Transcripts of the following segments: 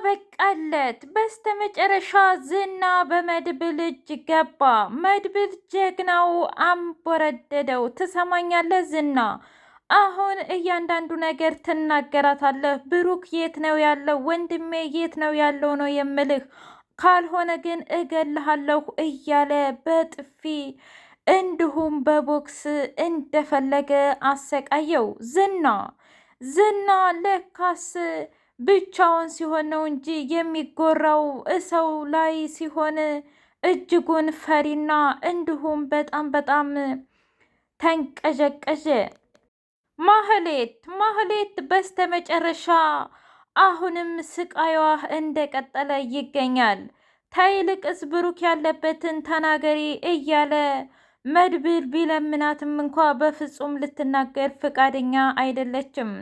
አበቃለት። በስተመጨረሻ ዝና በመድብል እጅ ገባ። መድብል ጀግናው አንቦረደደው። ትሰማኛለህ ዝና አሁን እያንዳንዱ ነገር ትናገራታለህ። ብሩክ የት ነው ያለው? ወንድሜ የት ነው ያለው ነው የምልህ፣ ካልሆነ ግን እገልሃለሁ እያለ በጥፊ እንዲሁም በቦክስ እንደፈለገ አሰቃየው። ዝና ዝና ለካስ ብቻውን ሲሆን ነው እንጂ የሚጎራው ሰው ላይ ሲሆን እጅጉን ፈሪና እንዲሁም በጣም በጣም ተንቀዠቀዠ። ማህሌት ማህሌት በስተመጨረሻ አሁንም ስቃይዋ እንደቀጠለ ይገኛል። ታይልቅስ ብሩክ ያለበትን ተናገሪ እያለ መድብል ቢለምናትም እንኳ በፍጹም ልትናገር ፈቃደኛ አይደለችም።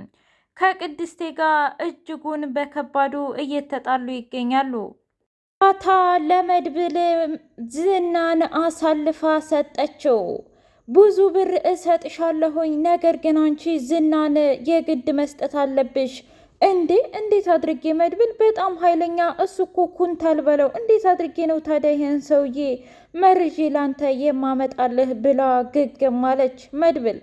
ከቅድስቴ ጋር እጅጉን በከባዱ እየተጣሉ ይገኛሉ። ፋታ ለመድብል ዝናን አሳልፋ ሰጠችው። ብዙ ብር እሰጥሻለሁኝ፣ ነገር ግን አንቺ ዝናን የግድ መስጠት አለብሽ። እንዴ እንዴት አድርጌ መድብል በጣም ኃይለኛ እሱ እኮ ኩንታል በለው። እንዴት አድርጌ ነው ታዲያ ይህን ሰውዬ መርዤ ላንተ የማመጣልህ? ብላ ግግም አለች መድብል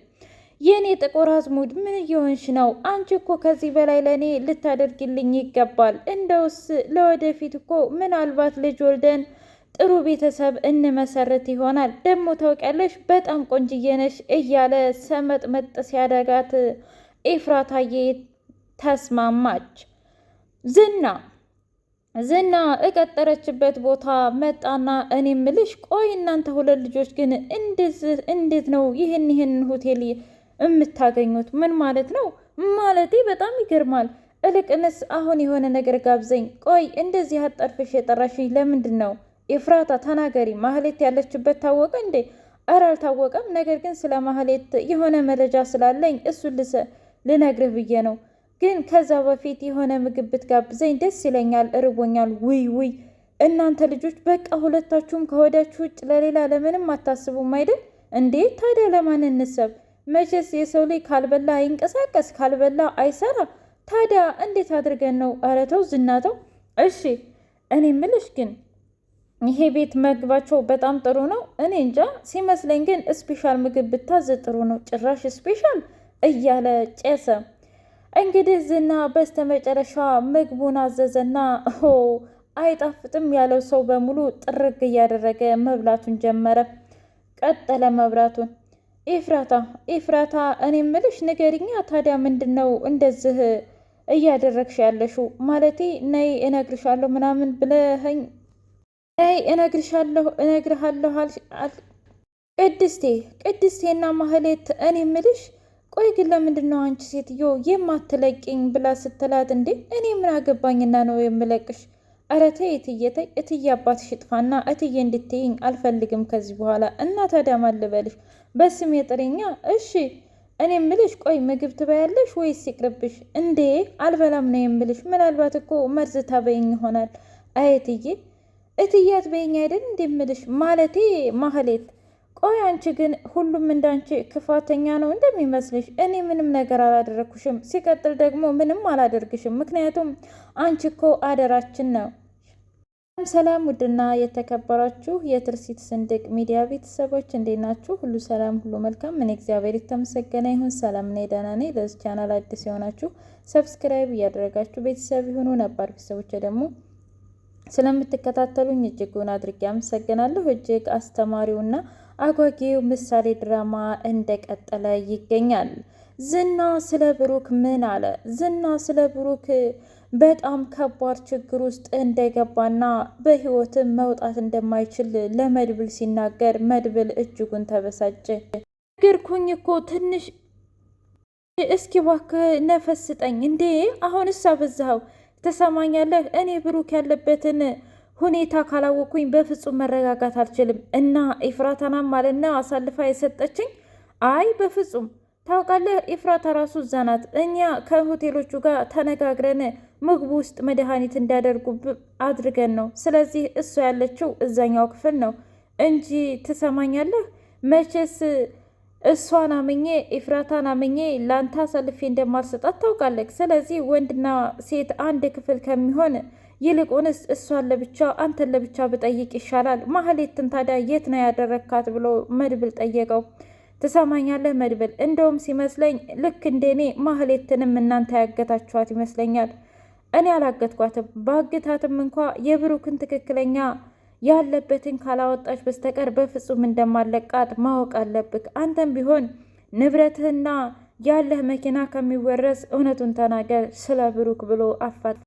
የእኔ ጥቁር አዝሙድ ምን እየሆንሽ ነው? አንቺ እኮ ከዚህ በላይ ለእኔ ልታደርግልኝ ይገባል። እንደውስ ለወደፊት እኮ ምናልባት ልጅ ወልደን ጥሩ ቤተሰብ እንመሰርት ይሆናል። ደግሞ ታውቂያለሽ፣ በጣም ቆንጅዬ ነሽ እያለ ሰመጥመጥ ሲያደጋት ኤፍራታዬ ተስማማች። ዝና ዝና እቀጠረችበት ቦታ መጣና እኔ ምልሽ ቆይ እናንተ ሁለት ልጆች ግን እንዴት ነው ይህን ይህን ሆቴል የምታገኙት። ምን ማለት ነው? ማለቴ በጣም ይገርማል። እልቅንስ አሁን የሆነ ነገር ጋብዘኝ። ቆይ እንደዚህ አጠርፍሽ የጠራሽኝ ለምንድን ነው? ኤፍራታ ተናገሪ። ማህሌት ያለችበት ታወቀ እንዴ? እረ አልታወቀም። ነገር ግን ስለ ማህሌት የሆነ መረጃ ስላለኝ እሱን ልነግርህ ብዬ ነው። ግን ከዛ በፊት የሆነ ምግብ ብትጋብዘኝ ደስ ይለኛል። እርቦኛል። ውይ ውይ፣ እናንተ ልጆች በቃ ሁለታችሁም ከወዳችሁ ውጭ ለሌላ ለምንም አታስቡም አይደል እንዴት ታዲያ ለማን እንሰብ መቼስ የሰው ላይ ካልበላ አይንቀሳቀስ፣ ካልበላ አይሰራ። ታዲያ እንዴት አድርገን ነው? ኧረ ተው ዝናተው። እሺ እኔ ምልሽ ግን ይሄ ቤት መግባቸው በጣም ጥሩ ነው። እኔ እንጃ ሲመስለኝ ግን ስፔሻል ምግብ ብታዝ ጥሩ ነው። ጭራሽ ስፔሻል እያለ ጨሰ። እንግዲህ ዝና በስተመጨረሻ ምግቡን አዘዘና ሆ አይጣፍጥም ያለው ሰው በሙሉ ጥርግ እያደረገ መብላቱን ጀመረ። ቀጠለ መብራቱን ኤፍራታ ኤፍራታ እኔ ምልሽ ንገሪኛ፣ ታዲያ ምንድን ነው እንደዚህ እያደረግሽ ያለሽው? ማለቴ ነይ እነግርሻለሁ ምናምን ብለኸኝ ነይ እነግርሻለሁ እነግርሃለሁ ቅድስቴ ቅድስቴና ማህሌት እኔ ምልሽ ቆይ ግን ለምንድን ነው አንቺ ሴትዮ የማትለቂኝ ብላ ስትላት፣ እንዴ እኔ ምን አገባኝና ነው የምለቅሽ እረቴ እትዬ ተይ እትዬ አባትሽ ይጥፋና እትዬ እንድትይኝ አልፈልግም ከዚህ በኋላ እና ታዲያ ማን ልበልሽ በስሜ ጥሪኛ እሺ እኔ ምልሽ ቆይ ምግብ ትበያለሽ ወይስ ይቅርብሽ እንዴ አልበላም ነው የምልሽ ምናልባት እኮ መርዝ ታበይኝ ይሆናል አይ እትዬ እትዬ አትበይኝ አይደል እንደምልሽ ማለቴ ማህሌት ቆይ አንቺ ግን ሁሉም እንዳንቺ ክፋተኛ ነው እንደሚመስልሽ? እኔ ምንም ነገር አላደረግኩሽም። ሲቀጥል ደግሞ ምንም አላደርግሽም። ምክንያቱም አንቺ እኮ አደራችን ነው። ሰላም ውድና የተከበራችሁ የትርሲት ስንድቅ ሚዲያ ቤተሰቦች እንዴት ናችሁ? ሁሉ ሰላም፣ ሁሉ መልካም። እኔ እግዚአብሔር የተመሰገነ ይሁን። ሰላም ነኝ፣ ደህና ነኝ። ለዚህ ቻናል አዲስ የሆናችሁ ሰብስክራይብ እያደረጋችሁ ቤተሰብ ይሁኑ። ነባር ቤተሰቦች ደግሞ ስለምትከታተሉኝ እጅጉን አድርጌ አመሰግናለሁ። እጅግ አስተማሪውና አጓጊው ምሳሌ ድራማ እንደቀጠለ ይገኛል። ዝና ስለ ብሩክ ምን አለ? ዝና ስለ ብሩክ በጣም ከባድ ችግር ውስጥ እንደገባና በህይወትም መውጣት እንደማይችል ለመድብል ሲናገር መድብል እጅጉን ተበሳጨ። ነገርኩኝ እኮ ትንሽ እስኪ እባክህ ነፈስ ስጠኝ እንዴ! አሁንስ በዛኸው ተሰማኛለህ። እኔ ብሩክ ያለበትን ሁኔታ ካላወቅኩኝ በፍጹም መረጋጋት አልችልም። እና ኤፍራታናም ማለና አሳልፋ የሰጠችኝ። አይ በፍጹም ታውቃለህ፣ ኤፍራታ ራሱ እዛ ናት። እኛ ከሆቴሎቹ ጋር ተነጋግረን ምግቡ ውስጥ መድኃኒት እንዳደርጉ አድርገን ነው። ስለዚህ እሷ ያለችው እዛኛው ክፍል ነው እንጂ ትሰማኛለህ፣ መቼስ እሷን አምኜ ኤፍራታን አምኜ ለአንተ አሳልፌ እንደማልሰጣት ታውቃለህ። ስለዚህ ወንድና ሴት አንድ ክፍል ከሚሆን ይልቁንስ እሷን ለብቻ አንተን ለብቻ ብጠይቅ ይሻላል። ማህሌትን ታዲያ የት ነው ያደረግካት ብሎ መድብል ጠየቀው። ትሰማኛለህ መድብል፣ እንደውም ሲመስለኝ ልክ እንደኔ ማህሌትንም እናንተ ያገታችኋት ይመስለኛል። እኔ አላገትኳትም። በአግታትም እንኳ የብሩክን ትክክለኛ ያለበትን ካላወጣች በስተቀር በፍጹም እንደማለቃት ማወቅ አለብክ። አንተም ቢሆን ንብረትህና ያለህ መኪና ከሚወረስ እውነቱን ተናገር ስለ ብሩክ ብሎ አፋት